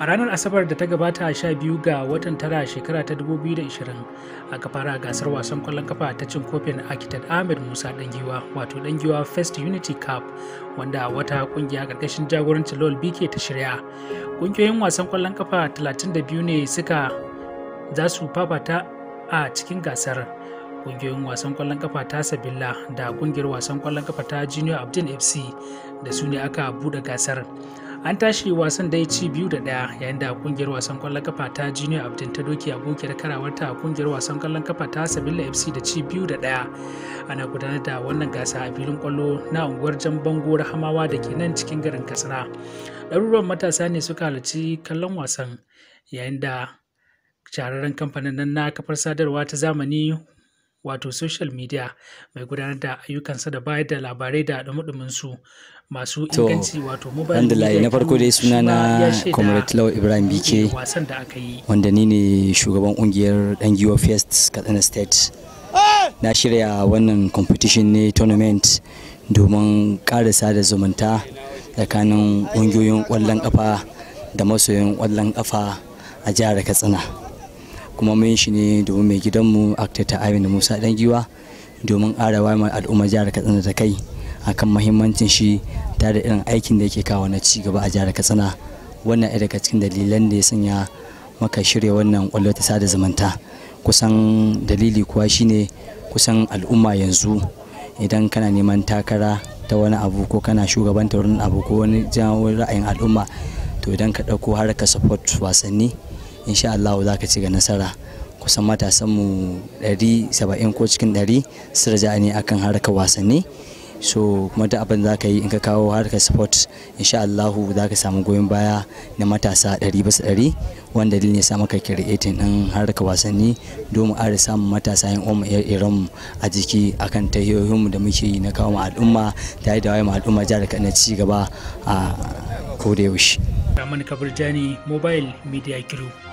a ranar asabar da ta gabata sha biyu ga watan tara shekara ta 2020 aka fara gasar wasan kwallon kafa ta cin kofin architect ahmed musa dangiwa wato dangiwa first unity cup wanda wata kungiya karkashin jagorancin lol bk ta shirya kungiyoyin wasan kwallon kafa 32 ne suka za su fafata a cikin gasar kungiyoyin wasan kwallon kafa ta sabilla da kungiyar wasan kwallon kafa ta junior abdin fc da su ne aka bude gasar an tashi wasan da ci biyu da daya yayin da kungiyar wasan kwallon kafa ta junior abdin ta doki abokiyar karawarta a kungiyar wasan kwallon kafa ta sabila fc da ci biyu da daya. ana gudanar da wannan gasa a filin kwallo na unguwar jan bango rahamawa da ke nan cikin garin katsina ɗaruruwan matasa ne suka halarci kallon wasan yayin da shahararren kamfanin nan na kafar sadarwa ta zamani wato social media mai gudanar da ayyukansa da bayar da labarai da dumudumin su masu inganci wato mobile media na farko dai suna na comrade law ibrahim bike wanda ni ne shugaban kungiyar dan giwa fest katsina state na shirya wannan competition ne tournament domin ƙara sada zumunta tsakanin ƙungiyoyin kwallon kafa da masoyin kwallon kafa a jihar katsina kuma mun shi ne domin mai gidanmu aktata da musa dan giwa domin arawa mai al'umma jihar katsina ta kai akan mahimmancin shi tare da irin aikin da yake kawo na cigaba a jihar katsina wannan ɗaya daga cikin dalilan da ya sanya maka shirya wannan kwallo ta sada zumunta kusan dalili kuwa shine kusan al'umma yanzu idan kana neman takara ta wani abu ko kana shugabanta wani abu ko wani ra'ayin al'umma to idan ka ɗauko harkar support wasanni insha Allah za ka ci ga nasara kusan mu 170 ko cikin 100 su raja ne akan harkar wasanni so kuma da abin za ka yi in ka kawo harkar sport insha Allah za ka samu goyon baya na matasa 100 bisa 100 wanda dalilin ya sa maka creating din harkar wasanni domin a samun matasa yin umma irin a jiki akan tahiyoyin da muke yi na kawo al'umma ta yi da mu al'umma jihar na ci gaba a kodayaushe. Ramani Kabirjani Mobile Media Group.